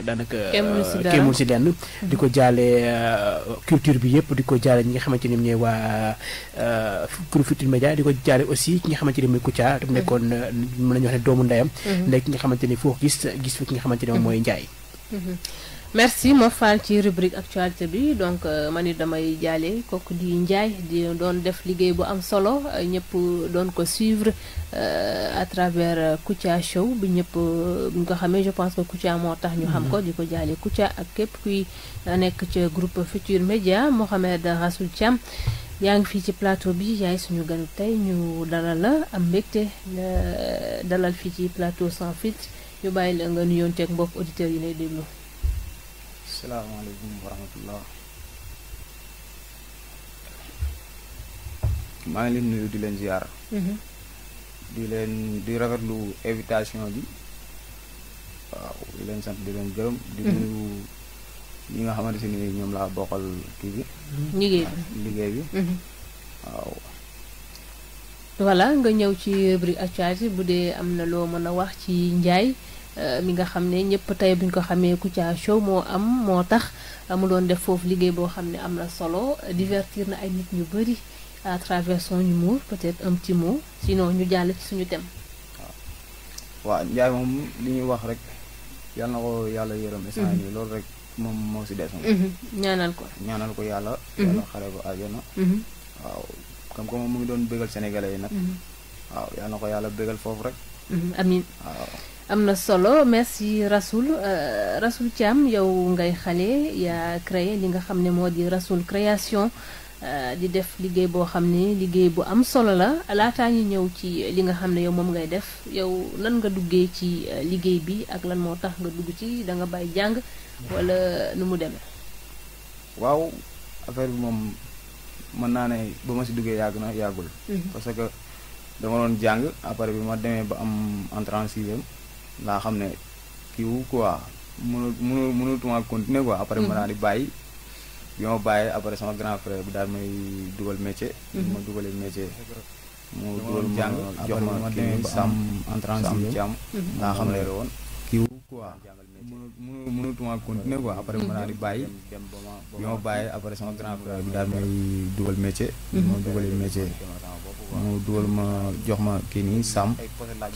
rek daanaka. kéemul euh, si lenn di ko jaale euh, culture bi yëpp di ko jaale ñi nga xamante ni ñooy waa groupe euh, Futurs Médias di ko jaale aussi ki nga xamante ni mooy Kouthia daf nekkoon mhm. mën nañu wax ne doomu ndeyam. Mhm. nekk ki nga xamante ni foo gis gis fi ki nga xamante ne mhm. mooy Ndiaye. merci ma ci rubrique actualité bi donc euh, man it damay jaale kooku di Ndiaye di doon def liggéey bu am solo euh, ñëpp doon ko suivre euh, à travers Kouthia Show bi ñëpp bu ko xamee je pense que Kouthia moo tax ñu xam mhm. ko di ko jaale Kouthia ak képp kuy nekk ca groupe Futur Média Mohamed Rasoul Thiam yaa ngi fii ci plateau bi yaay suñu ganu tey ñu dalal la am mbégte dalal fii ci plateau sans fit ñu bàyyi la nga nu yoon nuyoonteeg mbokk auditeurs yi lay déglu. asalaamaaleykum wa rahmatullah maa ngi leen nuyu di leen ziar. Mm-hmm. di leen di rafetlu invitation bi waaw di leen sant di leen gërëm. di mm-hmm. nuyu ñi nga xamante ni ñoom laa bokkal kii bi. Mm-hmm. liggéey bi waaw. voilà nga ñëw ci rubrique actualité bu dee am na loo mën a wax ci njaay. Euh, mi nga xam ne ñëpp tey bu ko xamee Kouthia Show moo am moo tax mu doon def foofu liggéey boo xam ne am na solo divertir na ay nit ñu bëri à travers son humour peut-être un petit mot sinon ñu jàll ci suñu thème. waaw waaw Ndiaye moom li ñuy wax rek yal na ko yàlla yërëm. Mhm. instant yii rek moom moo si des. Mhm. ko yàlla. Mhm. yàlla xare ko àjjana. waaw comme que mu ngi doon bégal sénégalais yi nag. waaw yal na ko yàlla bégal foofu rek. amiin am na solo merci Rasoul euh, Rasoul Thiam yow ngay xale yaa créé li nga xam ne moo di rasul création euh, di def liggéey boo xam ne liggéey bu am solo la laataa ñu ñëw ci li nga xam ne yow moom ngay def yow nan nga duggee ci euh, liggéey bi ak lan moo tax nga dugg ci danga nga bàyyi jàng wala nu mu demee. waaw affaire bi moom mën naa ne ba ma si duggee yàgg na yàggul. Mhm. parce que dama doon jàng après bi ma demee ba am entrée laa xam ne kiiwu quoi mënu mënu mënutuma continuer quoi après ma mm-hmm. daal di bàyyi bi ma bàyyi après sama grand frère daal may dugal métier mm-hmm. ma dugalee métier mu dugal jàng jox ma kii sàmm sàmm jàmm laa xam ne mm-hmm. woon kiiwu quoi mënu mënutuma continuer quoi après ma daal di bàyyi bi ma bàyyi après sama grand frère bi daal may dugal métier mhm. ma dugalee métier mu dugal ma jox ma kii nii Sam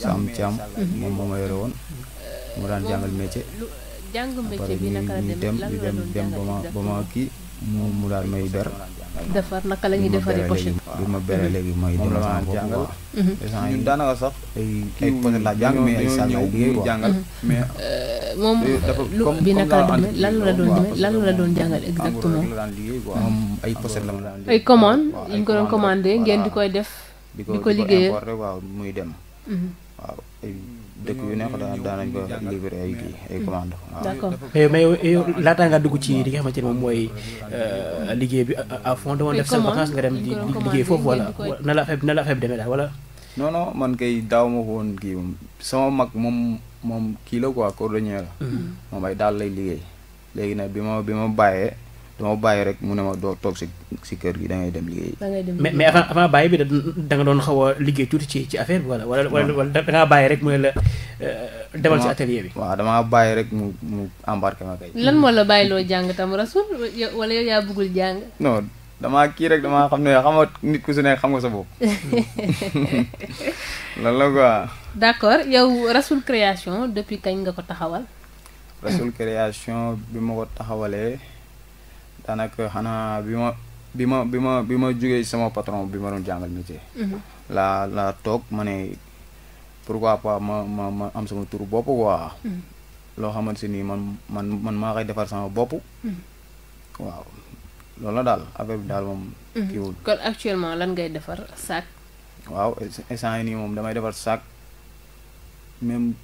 Sam Thiam moom moo ma yore woon mu daan jàngal métier après ñu dem dem ba ma ba ma kii mu mu daal may ber defar naka la ñuy defaree pochette bi ma bere léegi mooy defar sama bopp ñun mhm. daanaka sax ay pochette laa jàng mais ay sàll ñëw jàngal mhm. mais euh, moom lu bi naka la demee lan la doon demee lan la doon jàngal exactement moom ay pochette la ma daan ay commande yi ko doon commandé ngeen di koy def di ko liggéeyal waaw muy dem mhm. dëkk yu nekk daan daanañ ko livrer ay kii ay commande d'accord eh, laataa nga dugg ci li nga xamante moom mooy euh, liggéey bi à fond dama nga dem di liggéey foofu wala na la affaire na daal wala non man kay daaw ma ko woon kii sama mag moom moom kii la quoi cordonnier la mm-hmm. moom ay daal lay liggéey léegi nag bi ma bi ma bàyyee dama bàyyi rek mu ne ma doo toog si kër gi da ngay dem liggéey. mais mais avant avant bàyyi bi da nga doon xaw a liggéey tuuti ci ci affaire bi wala wala wala da ngaa bàyyi rek mu la euh, demal si bi. waaw damaa bàyyi rek mu mu embarqué ma kay. lan moo la loo jàng tam rasul wala yaa bëggul jàng. non damaa kii rek damaa xam ne xam nga nit ku si nekk xam nga sa bopp. lan la quoi. d'accord yow rasul création depuis kañ nga ko taxawal. rasul création bi ma ko taxawalee. daanaka xanaa bi ma bi ma bi ma bi ma jógee sama patron bi ma doon jàngal métier. Mhm. la la toog ma ne pourquoi pas ma ma ma am sama tur bopp mhm. xamante ni man man man maa defar sama bopp. Mhm. waaw loolu la daal affaire bi daal moom. kiiwul kon actuellement lan ngay defar sac. waaw instant yii nii moom damay defar sac même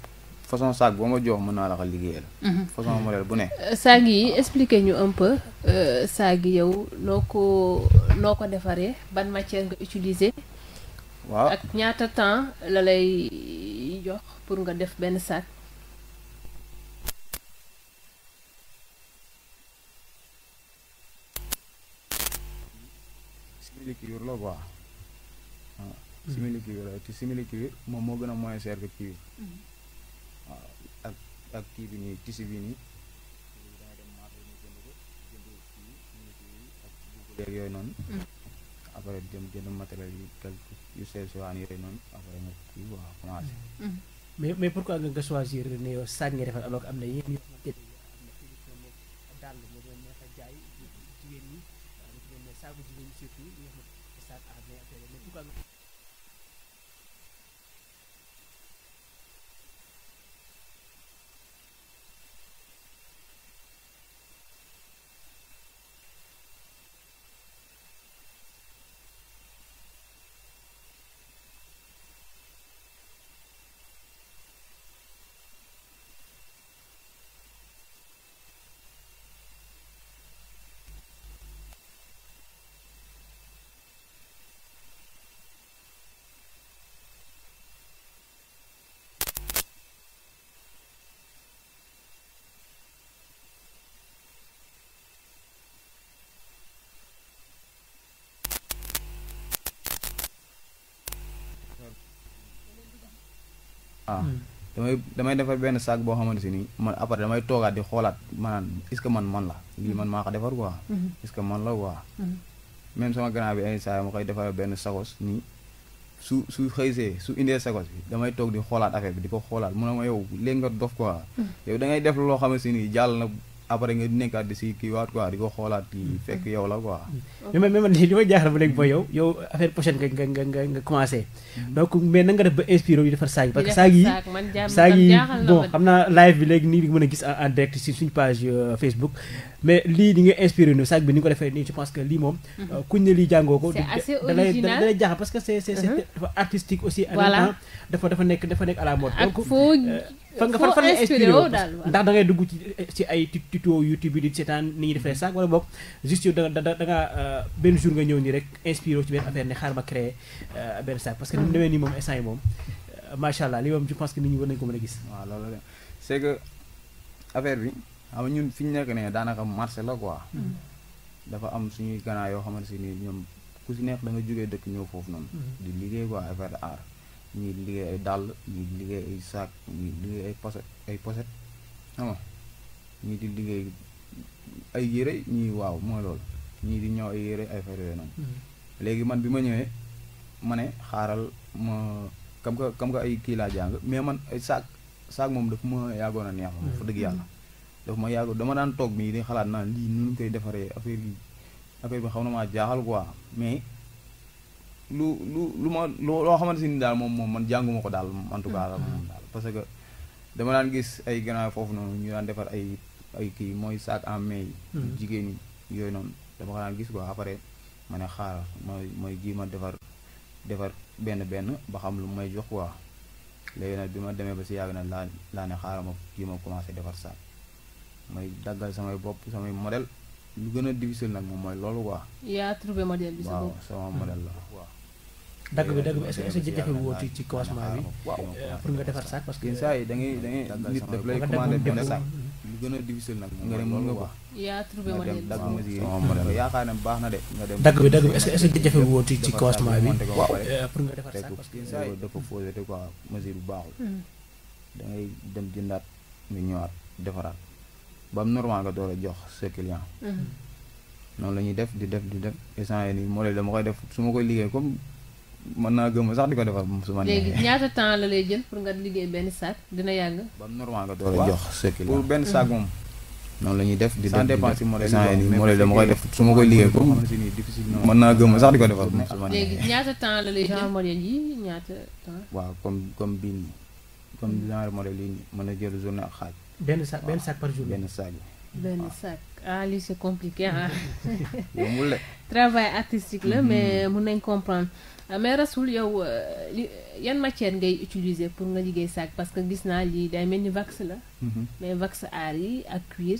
façon saag boo ma jox mën naa la ko liggéeyal. Mhm. façon modèle bu ne. saag yi expliquer ñu un peu euh, saag yi yow noo ko noo ko defaree ban matière nga utiliser. waaw ak ñaata temps la lay jox pour nga def benn saag. simili-cuir la quoi. simili-cuir la te simili-cuir moom moo gën a moins cher que cuir. Mhm. waaw ak ak kii bi nii tisi bi nii léegi yooyu noonu mm. après dem jënd matériel yi quelque yu sew sewaan yooyu noonu après nga kii waaw commencé mm. mais mais pourquoi nga nga choisir ne yow sañ nga defal alors que am na yenn yoo xamante ne daal la moo neex a jaay jigéen ñi dafa mel ne saako jigéen ñi surtout ñi nga xam ne saak affaire mais pourquoi ah hmm. damay damay defar benn sac boo xamante si nii man après damay toogaat di xoolaat maanaam est-ce que man man la lii hmm. man maa ko defar quoi hmm. est-ce que man la quoi même sama grand bi ay saa ma koy defar benn sakos nii su su xëysee su indee sakos bi damay toog di xoolaat affaire bi di ko xoolaat mu ne ma yow léegi nga dof quoi yow da ngay def loo xamante si nii jàll na après nga nekkaat di si kii waat quoi di ko xoolaat kii mm. fekk yow la quoi. mais man man li ma jaaxal ba léegi booy yow yow affaire prochaine nga nga nga nga nga commencé. Mm. donc mais na def ba inspiré yu defar saag yi. parce que saag yi saag yi bon xam naa live bi léegi nii di mën a gis en direct si suñu page euh, Facebook. mais lii di nga inspiré nu sac bi ni nga ko defee nii je pense que lii moom mhm. euh, kuñ ne lii jàngoo ko dalay dalay jaaxal parce que c'est c'est mhm. dafa artistique aussi en même dafa dafa nekk dafa nekk à la mode donc euh, fan nga fan fan la inspiré ndax da ngay dugg ci ci ay tuto youtube yi di seetaan ni ñuy defee sac wala boog juste yow da euh, benn jour nga ñëw nii rek inspiré ci benn affaire ne xaar ma créé benn sac parce que ni mu demee nii moom instant yi moom macha allah ko mën a gis waaw loolu la bi xam ñun fi ñu nekk ne daanaka marché la quoi. Hmm. dafa am suñuy ganaar yoo xamante ni ñoom ku si nekk da nga jógee dëkk ñëw foofu noonu. Hmm. di liggéey quoi ay d'art ñii di liggéey ay dàll ñii liggéey ay saak ñii liggéey ay poset ay poset xam nga liggéey ay yére ñii waaw mooy loolu ñii di ñëw ay yére ay affaire yooyu noonu. Hmm. léegi man bi ma ñëwee ma ne xaaral ma kam ka kam ka ay kii laa jàng mais man ay saak saak moom dafa ma yàggoon a neex. fa dëgg yàlla. dafa ma yàgg dama daan toog mii di xalaat naan lii nu ñu koy defaree affaire yi affaire bi xam na maa jaaxal quoi mais lu lu lu ma loo xamante ni daal moom moom man jànguma ko daal en tout hmm. daal parce que dama daan gis ay gannaaw foofu noonu ñu daan defar ay ay kii mooy sac en main hmm. jigéen ñi yooyu noonu dama ko daan gis quoi après ma ne xaar mooy mooy ji ma defar defar benn benn ba xam lu may jox quoi léegi nag bi ma demee ba si yàgg na laa laa ne xaaral ma ji ma commencé defar may daggal samay bopp samay modèle lu gën a difficile nag moom mooy loolu quoi. yaa trouvé modèle bi sa bopp waaw sama modèle la waaw. dagg bi dagg bi est-ce que est-ce que jafe woo ci ci commencement bi. Euh, pour nga defar saak parce que. saa yi da ngay da ngay nit daf lay commandé benn saak. lu gën a difficile nag nga dem mën nga ko. yaa trouvé modèle bi dagg ma si sama yaakaar ne baax na de. nga dem dagg bi dagg bi est-ce que jafe woo ci ci commencement bi. Euh, pour nga defar saak parce que saa yi dafa faussé quoi mesure bu baaxul. Hmm. da ngay dem jëndaat nga ñëwaat defaraat. ba mu normal nga door a jox sa mm-hmm. noonu la ñuy def di def di def instant yii nii moo lay dama koy def su ma koy liggéey comme mën naa gëm sax di ko defal moom su ma. léegi ñaata temps la lay jël pour nga liggéey benn saak dina yàgg. ba mu a jox sa client pour benn saak moom. noonu la ñuy di def di def instant yii nii moo lay dama koy def su ma ma. léegi ñaata temps la lay jël genre modèle yi ñaata temps. waaw comme comme bii nii comme genre modèle yi nii mën jël journée xaaj. benn sac benn sac par jour benn sac benn sac ah lii c'est compliqué ah. yombul travail artistique la mais mm-hmm. mun nañ comprendre ah, mais Rasoul yow euh, li yan matière ngay utiliser pour nga liggéey sac parce que gis naa lii day mel ni wax la. Mm-hmm. mais wax aar yi ak cuir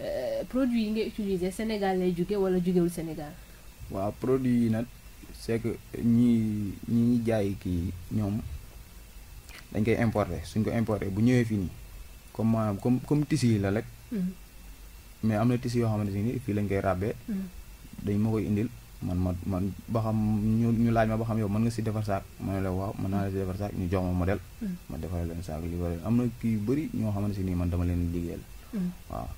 euh, produit yi ngay utiliser Sénégal lay jóge wala jógewul Sénégal. waaw produit yi nag c'est ñi ñi jaay kii ñoom dañ koy importer suñ ko importer bu ñëwee fii nii. comme maanaam comme comme tissu yi la rek. Mm-hmm. mais am na tissu yoo xamante ni fii lañ koy ràbbee. Mm-hmm. dañ ma koy indil man ma man ba xam ñu ñu laaj ma ba xam yow man nga si defar saak ma ne la waaw mën naa la si defar saak ñu jox ma modèle. Mm-hmm. ma defaral leen saak li leen am na kii yu bëri ñoo xamante ni man dama leen liggéeyal. waaw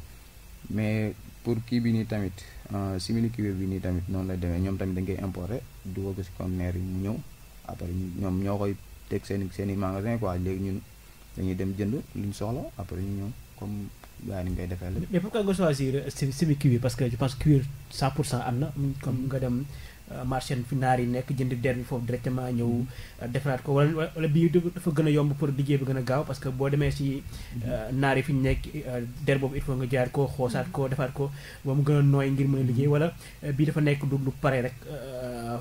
mais pour kii bi nii tamit euh, simili kii bi nii tamit noonu la demee ñoom tamit dañ koy importer dugal ko si conteneur yi mu ñëw après ñoom ñoo koy teg seen i seen i magasin léegi ñun. dañuy dem jënd lu ñu soxla après ñu ñëw comme gaa yi ñu koy defee la. mais nga choisir semi cuir parce que je pense cuir 100 pour cent am na. comme nga dem. Euh, marché fi naar yi nekk jënd der bi foofu directement ñëw mm-hmm. euh, defaraat ko wala wala bii dafa gën a yomb pour liggéey bi gën a gaaw parce que boo demee si euh, mm-hmm. naar yi fi ñu nekk der boobu il faut nga jaar ko xoosaat ko mm-hmm. defaat ko ba mu gën a nooy ngir mën a liggéey wala bii dafa nekk du pare rek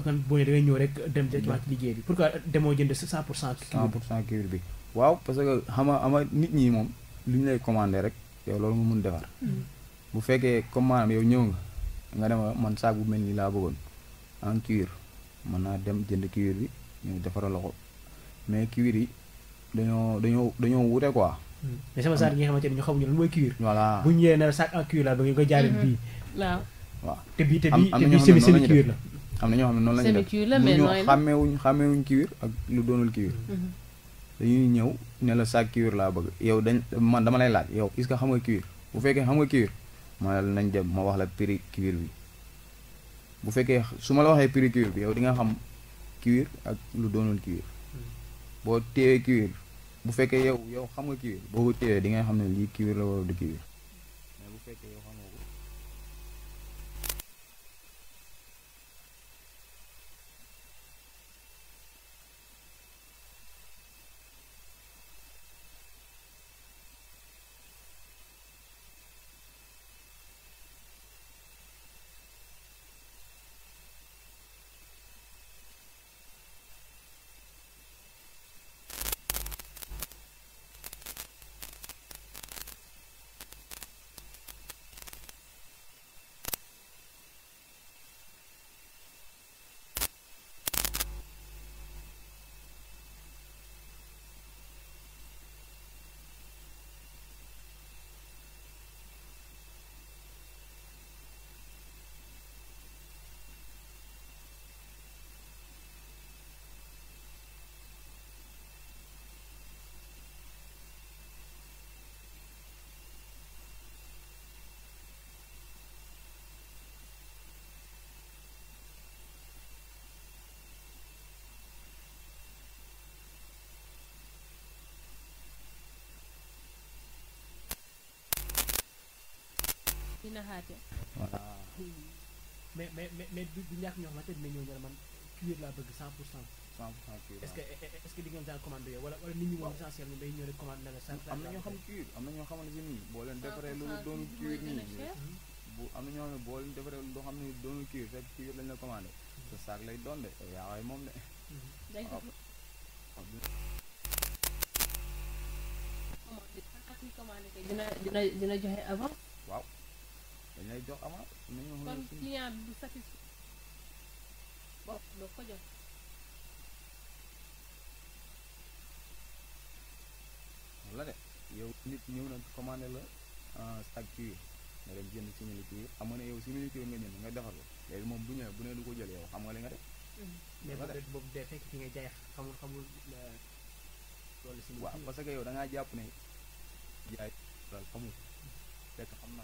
kan boo ne ñëw rek dem directement ci liggéey bi pourquoi demoo jënd 100 pour cent cent pour cent cuivre bi waaw parce que xama xama nit ñi moom lu ñu lay commandé rek yow loolu mu mun defar bu fekkee comme yow ñëw nga nga dema man saag bu mel nii laa bëggoon en cuir mën naa dem jënd cuir bi ñu defaral loxo mais cuir yi dañoo dañoo dañoo wute quoi. Hmm. mais sama saar gi nga xamante ne ñu xamuñu lan bu ñu ñëwee ne sac en cuir la ba ngeen koy jaaree bii. Hmm. waaw waaw te bii te na ñoo xam ne noonu la ñuy def semi cuir la mais xàmmeewuñ xàmmeewuñ cuir ak lu doonul cuir. Hmm. dañuy ñëw ne la sac cuir laa bëgg yow dañ man dama lay laaj yow est-ce que xam nga cuir bu fekkee xam nga cuir ma nañ dem ma wax la prix cuir bi. bu fekkee su ma la waxee prix cuir bi yow di xam cuir ak lu doonul cuir boo téyee cuir bu fekkee yow yow xam nga cuir boo ko téyee di nga xam ne lii cuir la war du cuir mais bu naxaate. voilà. mais mais mais du du ñoo xamante ne ñoo ñu man cuir laa bëgg 100 pour 100. 100 pour 100 cuir est ce que est ce que di ngeen daal commande yooyu wala nit ñi moom essentiel ñu day ñëw rek commande na am na ñoo xam cuir am na ñoo xamante ne nii boo leen defaree lu doon cuir nii bu am na ñoo xam ne boo leen defaree loo xam ne doonu cuir fekk cuir lañ la commandé. Mm-hmm. sa saag lay doon de yaa waay moom de. Mm-hmm. dina dina joxe avant. waaw. dañ lay jox avance. kon client bi du satisfait. bon doo ko jox. la de yow ñëw na commandé la statut nga dem jënd similiture xam na ne yow similiture nga jënd nga defar ko léegi moom bu ñëwee bu ne du ko jël yow xam nga li nga def. Mm-hmm. mais boobu day fekk ci nga xamul xamul euh, loolu similiture waaw parce que yow dangaa jàpp ne jaay xamul fekk xam na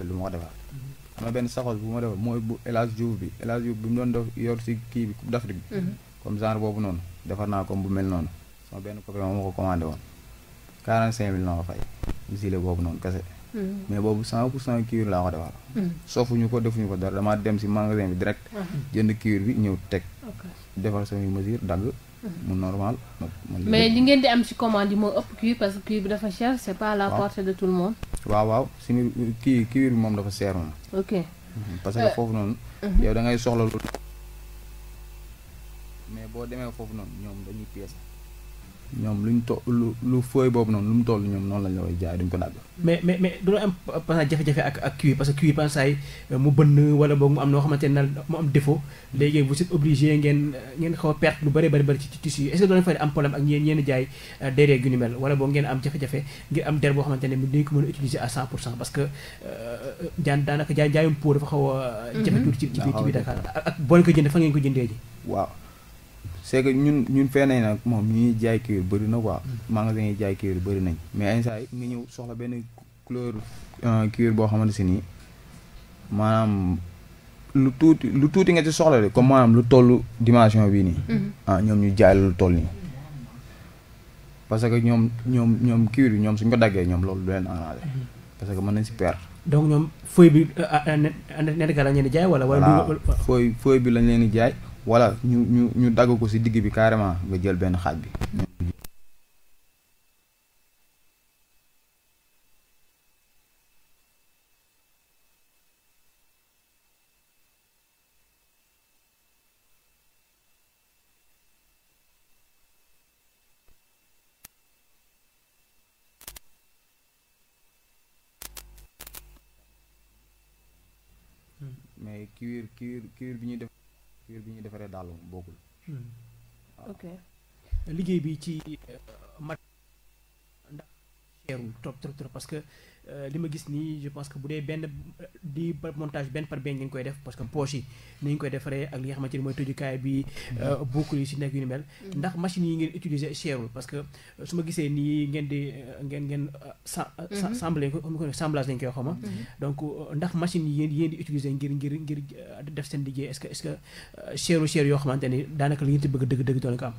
après lu ma ko defal am na benn saxos bu ma defal mooy bu El Hadj Diouf bi El Hadj Diouf bi mu doon def yor si kii bi Coupe d'Afrique bi mhm. comme genre boobu noonu defar naa comme bu mel noonu sama benn copain moom ma ko commandé woon quarante cinq mille na ko fay gilet boobu noonu kese mhm. mais boobu cent pour cent cuir laa ko defal mhm. sofuñu ko dara damaa dem si magasin bi direct jënd cuir bi ñëw teg defar samay mesure dagg mu normal mais li ngeen di am si commande yi moo ëpp cuir parce que cuir bi dafa cher c'est pas à la de tout le monde waaw waaw simili kii kiwir bi moom dafa seer moom. ok mm-hmm. parce que euh, foofu noonu. Mm-hmm. yow da ngay soxla mais boo demee foofu noonu ñoom dañuy peese. ñoom luñ to lu lu fooy boobu noonu lu mu toll ñoom noonu lañ la koy jaay duñ ko dagg. mais mais mais du la am par jafe-jafe wala boog mu am noo xamante ne mu am défaut léegi vous êtes obligé ngeen ngeen xaw a lu bëri bëri bëri ci tissu est ce que doo leen fa am euh, am jafe-jafe ngir am der boo xamante ne dañ ko a utiliser à 100 pour cent euh, jaay jaayum pot xaw euh, mm-hmm. ci biir Dakar ak boo leen ko jëndee fa ngeen ko jëndee ji waaw. c'est que ñun ñun fee nañ nag moom ñuy jaay cuir bëri na quoi mm. magasin yi jaay cuir bëri nañ mais ay saa yi nga ñëw soxla benn couleur cuir euh, boo xamante si nii maanaam lu tuuti lu tuuti nga ci soxla de comme maanaam lu toll dimension bii nii mm-hmm. ah ñoom ñu jaay lu toll nii parce que ñoom ñoom ñoom cuir bi ñoom suñ ko daggee ñoom loolu du leen arrangé mm-hmm. parce que mën nañ si perdre donc ñoom feuille bi euh, euh, net ga lañ leen di jaay wala ñu ñu ñu dagg ko ci digg bi carrément nga jël benn xaaj bi. Hmm. mais cuir cuir cuir bi ñuy def. cuir bi ñuy defaree dàll moom bokkul. Hmm. ok liggéey bi ci euh, mat teerul trop trop trop parce que euh, li ma gis nii je pense que bu dee benn di montage benn par benn ñu ngi koy def parce que poche yi ni ñu koy defaree ak li nga xamante ni mooy tëjukaay bi mm-hmm. euh, boucle yi si nekk yu ni mel mm-hmm. yi ngeen utiliser cherul parce que euh, su ma gisee nii ngeen di ngeen ngeen mm-hmm. semblé ko ko semblage lañ koy xama donc ndax machine yi yéen yéen di utiliser ngir ngir ngir def seen liggéey est-ce que est yoo xamante ni daanaka li ngeen ci bëgg dëgg dëgg doon ko am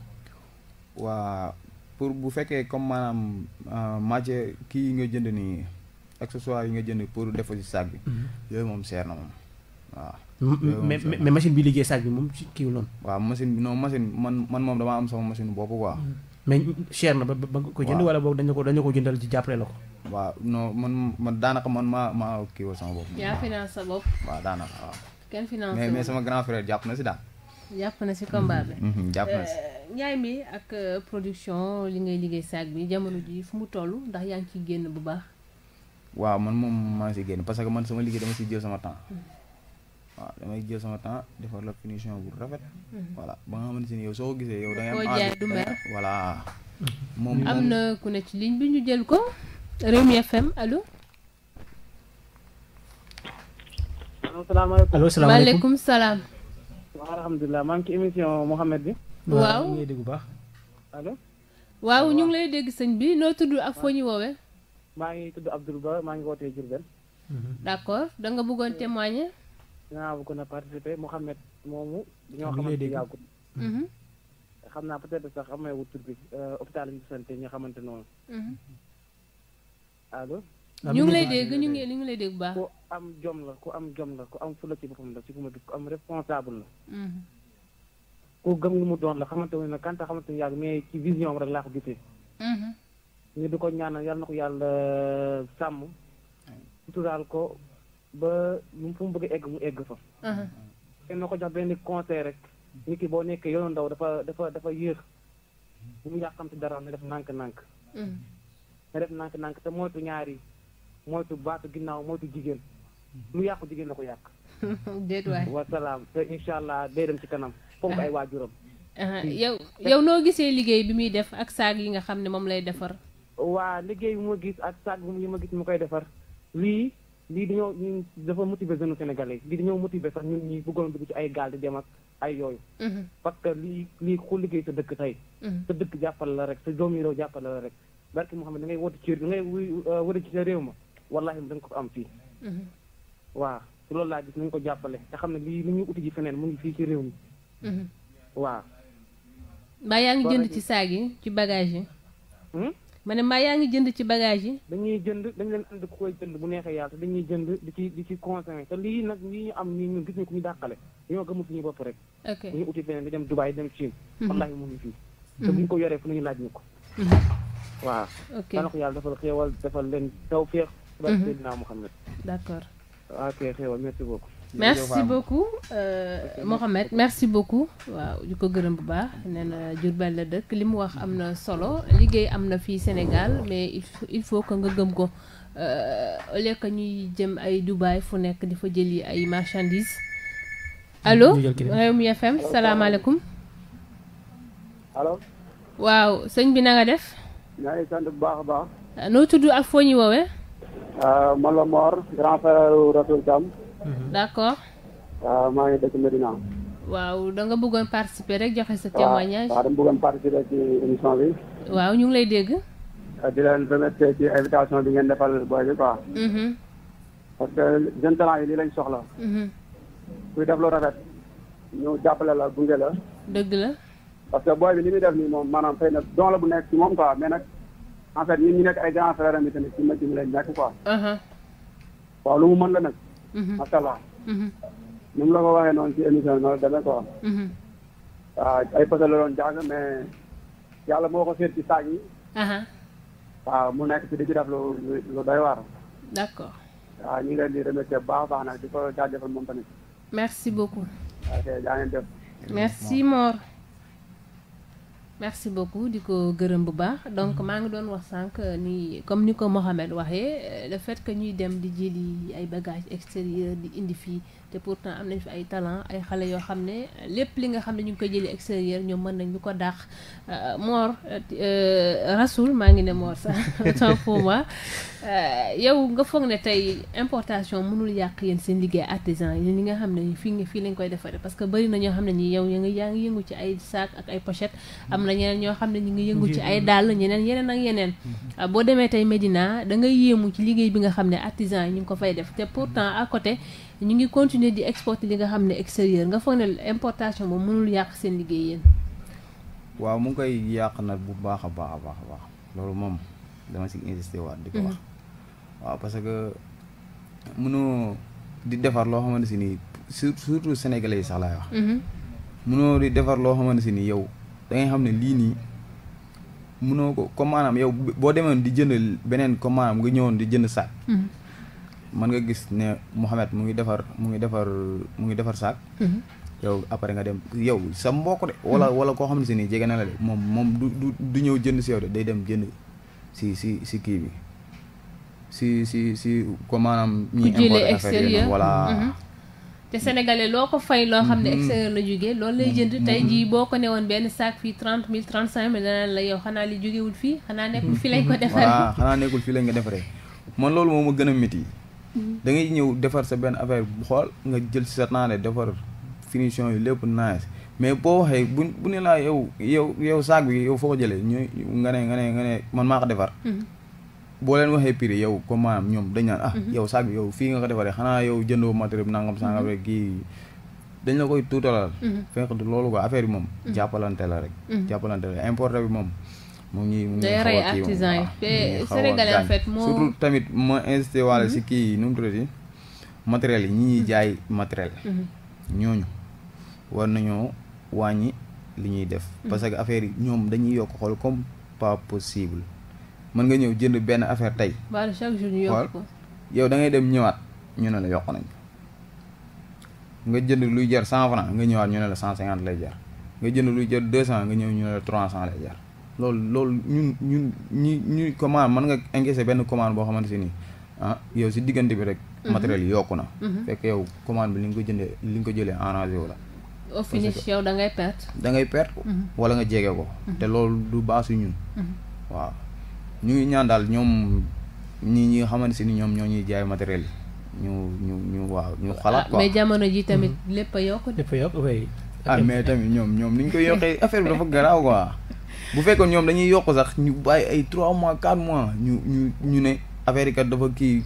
waa pour bu fekkee comme maanaam euh, matière kii yi nga jënd nii accessoire yi nga jënd pour defar si saag bi. Mhm. yooyu moom seer na moom waaw. mais mais machine bi liggéey saag bi moom ci kii noonu. waaw machine bi non machine man man moom damaa am sama machine bopp quoi. Mhm. mais cher na ba ba nga ko jënd. wala boog dañu ko dañu ko jëndal ci jàppale la ko. waaw non man man daanaka man maa maa kii woo sama bopp. yaa finance sa bopp. waaw daanaka waaw. kenn finance mais sama grand frère jàpp na si daal. Mhm, jàpp na si combat bi. Euh, jàpp na si njaay mi ak euh, production li ngay liggéey saag bi jamono ji fu mu tollu ndax yaa ngi ci génn bu baax. waaw man moom maa si génn parce que man sama liggéey si jël sama mhm. waaw damay jël sama temps defar la finition bu rafet. Mhm. voilà ba nga xamante ni yow soo gisee yow. da ngay am jaay du mer voilà. moom am na ku ne ci ligne bi ñu jël ko. Rewmi FM allo. allo salaamaaleykum maaleykum salaam. waaw alhamdulilah maa ci émission Mouhamed bi. waaw ñu ngi dégg bu baax. allo. ngi lay dégg sëñ bi noo tudd ak foo ñu woowee. maa ngi tudd Abdoul Ba maa ngi wootee Diourbel. Mhm. d'accord da nga bëggoon témoigner. dinaa bëggoon a participer Mouhamed moomu. dañoo xamante mhm. xam naa peut-être sax amee euh, wut xamante noonu. Mhm. allo. ñu ngi lay dégg ñu ngi ñu ngi lay dégg baax. ku am jom la ku am jom la ku am fula ci boppam la ci ku ma gis ku am responsable la. Mm-hmm. ku gëm lu mu doon la xamante ne nag xamante ne yàgg mais ci vision rek laa ko gisee. Mm-hmm. ñu di ko ñaanal yal na ko yàlla euh, sàmm. suturaal ko bëgg egg mu egg fa. te mm-hmm. ko jox benn conseil rek. nit ki boo nekkee yoonu ndaw dafa dafa dafa yéex. bu mu yàqamti dara na def nànk-nànk. na def nànk-nànk te moytu ñaar moytu baatu ginnaaw moytu jigéen mhm. lu yàqu jigéen la ko yàq. déet waay wasalaam te incha allah day dem ci kanam fonk ay waajuram. Uh-huh. Hmm. yow yow noo gisee liggéey bi muy def ak saag yi nga xam ne moom lay defar. waa liggéey bi ma gis ak saag yi ma gis mu koy defar lii lii dañoo dafa motiver jeunes sénégalais lii dañoo motiver sax ñun ñi bëggoon dugg ci ay gaal di dem ak ay yooyu. Mhm. parce lii lii ku liggéey sa dëkk tey. Mhm. sa dëkk jàppal la rek sa doom yi réew jàppal la rek barki Mouhamed da ngay woote ci da wuy uh, wër ci réew ma. wallaahi dañ ko am fii. Mhm. waa su loolu laa gis nañ ko jàppale te xam ne lii li ñuy uti ji feneen mu ngi fii ci réew mi. Mhm. waaw. mbaa yaa ngi jënd ci saag yi ci bagage yi. Hmm? ma ne mbaa yaa ngi jënd ci bagage yi. dañuy jënd dañ leen ànd ku jënd bu neexee yàlla te dañuy jënd di ci di ci consommé te lii nag lii ñu am nii ñun gis ñu ku ñu dàqale ñoo gëmul suñu bopp rek. ok ñu uti feneen di dem Dubaay dem Chine. Mhm. wallaahi mu ngi fii. te bu ñu ko yoree fu ñu laaj ñu ko. waaw. ok yàlla defal xéewal defal Sibas mhm. Seydina Mohamed. d'accord. ok xéwal merci beaucoup. merci beaucoup euh, Mohamed merci beaucoup. waaw di ko gërëm bu baax nee na Diourbel la dëkk li mu wax am na solo liggéey am na fii Sénégal mais il faut que nga gëm ko euh, lekk ñuy jëm ay Dubaï fu nekk di fa yi ay marchandises. allo Rewmi FM salaamaaleykum. alo waaw sëñ bi na nga def. noo tudd ak foo woowee. Euh, man la Mor grand frère Rasoul Thiam. Mhm. d'accord. waaw euh, maa ngi dëkk Medina. waaw da nga bëggoon participer rek joxe sa témoignage. waaw waaw dama bëggoon participer ci émission bi. waaw ñu ngi lay dégg. Euh, di leen remercier ci invitation bi ngeen defal booy bi quoi. Mhm. parce que jeunes talents yi li lañ soxla. Mhm. kuy def lu rafet ñu jàppale la gunge la. dëgg la. parce que booy bi ni muy def nii moom maanaam xëy na don la bu nekk ci moom quoi mais nag. en fait ñun nekk ay grand frère yi tamit ci métier bi lañ nekk quoi. Uh-huh. waaw lu mu mën la nag. Mm-hmm. macha allah. Mm-hmm. mu la ko waxee noonu ci émission bi noonu la demee quoi. Mm-hmm. waaw ay potes la doon jàng mais yàlla moo ko seet ci saag yi. Uh-huh. waaw mu nekk ci di ci def lu lu doy waar. d'accord. waaw ñu ngi leen di remercier baax a baax nag di ko jaajëfal moom tamit. merci beaucoup. ok jaa ngeen merci Mor. merci beaucoup di ko gërëm bu baax donc mhm. maa ngi doon wax sànq nii comme ni ko Mohamed waxee le fait que ñuy dem di jëli ay bagages extérieurs di indi fii. te pourtant am nañ fi ay talent ay xale yoo xam ne lépp li nga xam ne ñu ngi ko jëlee extérieur ñoom mën nañ ñu ko dàq euh, Mor euh, euh, rasul maa ngi ne Mor sax autant pour moi yow nga foog ne tey importation mënul yàq yéen seen liggéey artisan yi li nga xam ne fii fii lañ koy defaree parce que bëri na ñoo xam ne ñi yow ya nga yaa ngi yëngu ci ay sac ak ay pochette am na ñeneen ñoo xam ne ñu ngi yëngu ci ay dàll ñeneen yeneen ak yeneen mm-hmm. boo demee tey Médina da ngay yéemu ci liggéey bi nga xam ne artisan yi ñu ngi ko fay def te pourtant à côté ñu ngi continuer di exporter li nga xam ne extérieur nga foog ne importation moom mënul yàq seen liggéey yéen. waaw mu ngi koy yàq nag bu baax a baax a baax a baax loolu moom dama si insisté waat di ko wax. Mm-hmm. waaw parce que mënoo di defar loo xamante si nii surtout sénégalais yi sax laay wax. Mm-hmm. mënoo di defar loo xamante si nii yow da ngay xam ne lii nii. mënoo ko comme maanaam yow boo demoon di jënd beneen comme maanaam nga ñëwoon di jënd saak. Mm-hmm. man nga gis ne Mouhamed mu ngi defar mu ngi defar mu ngi defar saak mhm. yow après nga dem yow sa mbokk de wala wala koo xam ne si nii jege na la de moom moom du du du ñëw jënd si yow de day dem jënd si si si kii bi si si si ko maanaam ñi importé affaire yi mhm. te sénégalais loo ko fay loo xam ne mhm. extérieur la jógee loolu lay jënd tey jii boo ko newoon benn sac fii trente mille trente cinq mille danaan la yow xanaa li jógewul fii xanaa nekkul fii lañ ko defaree xanaa nekkul fii lañ ko defaree man loolu moom ma gën a métti da ngay ñëw defar sa benn affaire bu xool nga jël si sa naane defar finition yi lépp nice mais boo waxee bu bu ne laa yow yow yow saag bi yow foo ko jëlee ñu nga nga ne nga ne maa ko defar mm-hmm. boo leen waxee prix yow comme ñoom dañ naan ah mm-hmm. yow saag bi yow fii nga ko defaree xanaa yow jëndoo matériel nangam sangam mm-hmm. rek kii dañ la koy tuutalal fekk loolu ko affaire bi moom jàppalante la rek jàppalante la bi moom mu ngi mu ngi day rey artisan yi te tamit ma incité waale si mhm. kii nu mu matériel yi ñi ñuy mhm. jaay matériel mhm. ñooñu war nañoo wàññi li ñuy def parce que affaire yi ñoom dañuy yokk xool comme pas possible mën nga ñëw jënd benn affaire tey wala chaque yow da ngay dem ñëwaat ñu ne la yokk nañ ko nga jënd luy jar cent franc nga ñëwaat ñu ne la cent cinquante lay jar nga jënd luy jar deux cent nga ñëw ñu ne la trois cent lay jar loolu loolu ñun ñun ñi ñu commande mën nga encaissé benn commande boo xamante ni ah yow si diggante bi rek. Mhm. matériel yi yokku na. Mhm. fekk yow commande bi li nga ko jëndee li nga ko jëlee arrangé wu la. au finish yow da ngay perte. da ngay perte mhm. wala nga jege ko. te loolu du baasu ñun. waaw ñu ngi ñaan daal ñoom ñi ñi nga xamante ni ñoom ñoo ñuy jaay matériel yi. ñu ñu ñu ñu xalaat quoi ah, jamono ji tamit lépp a yokk a yokk oui. Ah, ñoom ñoom ni ñu koy yokkee affaire bi dafa garaaw quoi. bu fekkoon ñoom dañuy yokk sax ñu bàyyi ay trois mois quatre mois ñu ñu ñu ne affaire yi kat dafa kii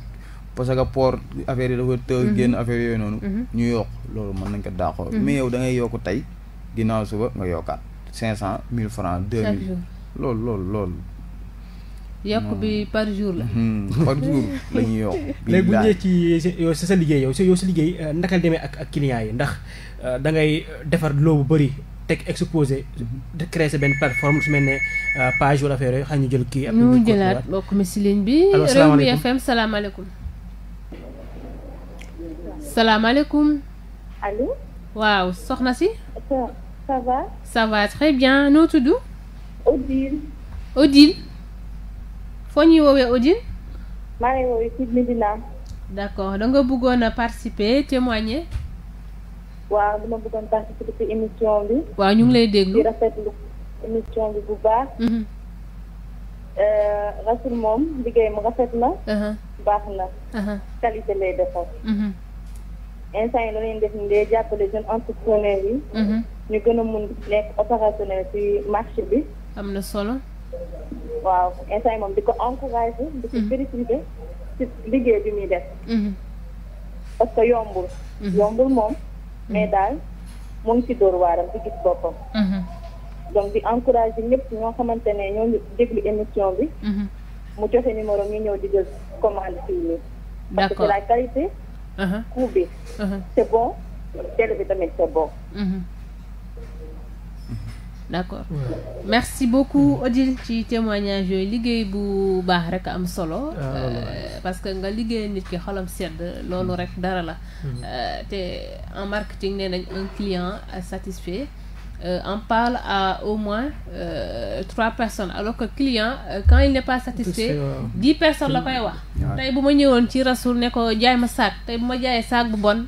parce que port affaire yi dafa të mhm. génn affaire yooyu noonu. Mhm. ñu yokk loolu mën nañ ko daaxoo. Mhm. mais yow da ngay yokk tey ginnaaw suba nga yokkaat cinq cent mille francs deux mille. loolu lool loolu. yokk bi par jour la. par jour la ñuy yokk. léegi bu ñu ci sa liggéey yow si yow sa liggéey euh, naka la ak ak clients yi ndax euh, da ngay euh, defar loo bu bëri. teg exposé de benn plateforme su mel ne euh, page wala affaire yooyu xam ñu jël kii. ak jëlaat bokk mi si ligne bi. allo Rewmi FM salaamaaleykum. salaamaaleykum. allo. waaw soxna si. ça va. ça bien noo tudd. Odile. Odile. foo ñuy woowee Odile. maa ngi bëggoon a participer témoigner. waaw dama bëggoon participer ci émission bi. waaw ñu ngi lay déglu di rafetlu émission bi bu baax. Mm-hmm. Euh, Rasoul moom liggéey mu rafet na. Uh-huh. baax na. Uh-huh. qualité lay defar. Mm-hmm. instant yi la leen def nii day jàppale jeunes entrepreneurs yi. Mm-hmm. ñu gën a mun nekk opérationnel ci marché bi. am na solo. waaw instant yi moom di ko encouragé. di ko félicité ci liggéey bi muy def. parce que yombul. yombul moom. mais daal mu ngi ci dóor waaram di gis boppam. Mhm. donc di encouragé ñëpp ñoo xamante ne ñoo ngi déglu émission bi. Mhm. mu joxe numéro ñu ñëw di jël commande fii nii. parce que la qualité. Mhm. coût bi. c'est bon télé tamit c'est bon. d'accord merci beaucoup Odile ci témoignage yooyu liggéey bu baax rek am solo ah, euh, parce que nga liggéey nit ki xolam sedd loolu hmm. rek dara la hmm. euh, te en marketing nee un client satisfait en euh, on parle au moins euh, trois personnes alors que client euh, quand il n'est pas satisfait dix personnes la koy wax hmm. tey bu ma ñëwoon ci rasul ne ko jaay ma saak tey bu ma jaayee saak bu bon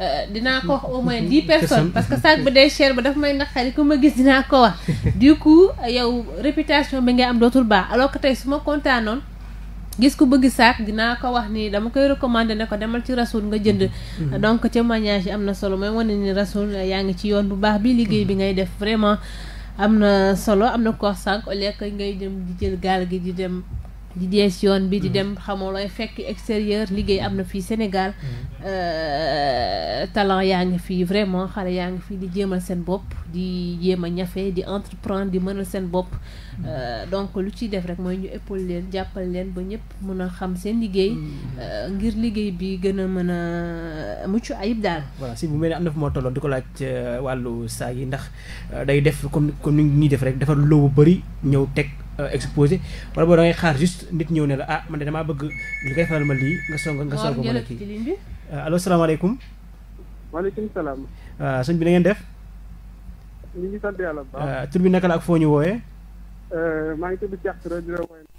Euh, dinaa ko wax au moins mhm. dix personne parce que sac ba day cher ba dafa may naqari ku ma gis dinaa ko wax du coup yow réputation bi ngay am dootul baax alors ko tey su ma kontaanoon gis ku bëgg saak dinaa ko wax nii dama koy recommander ne ko demal ci rasul nga jënd mhm. Mhm. donc témoignage yi am na solo mooy wane ni rasul euh, yaa ngi ci yoon bu baax bii liggéey bi ngay def vraiment am na solo am na ko sànq au lieu ngay dem di jël gaal gi di dem di jees yoon bi di mm. dem xamoo looy fekk extérieur liggéey am na fii Sénégal mm. euh, talan yaa ngi fii vraiment xale yaa ngi fii di jéemal seen bopp di jéem a ñafe di entreprendre di mënal seen bopp mm. euh, donc lu ci def rek mooy ñu épaule leen jàppal leen ba ñëpp mën a xam seen liggéey euh, ngir liggéey bi gën a mën a mucc ayib daal voilà si bu mel ne am na fu moo tolloon di ko laaj wàllu saa yi ndax day def comme comme ni ñuy def rek defar loo bu bëri ñëw teg Euh, exposé wala boo da ngay xaar juste nit ñëw ne la ah man de damaa bëgg li ngay faral ma lii nga song nga song ma la kii euh, allo salaamaaleykum salaam waaw euh, sëñ bi na ngeen def ñu ngi sant tur bi naka la ak foo ñu wooyee maa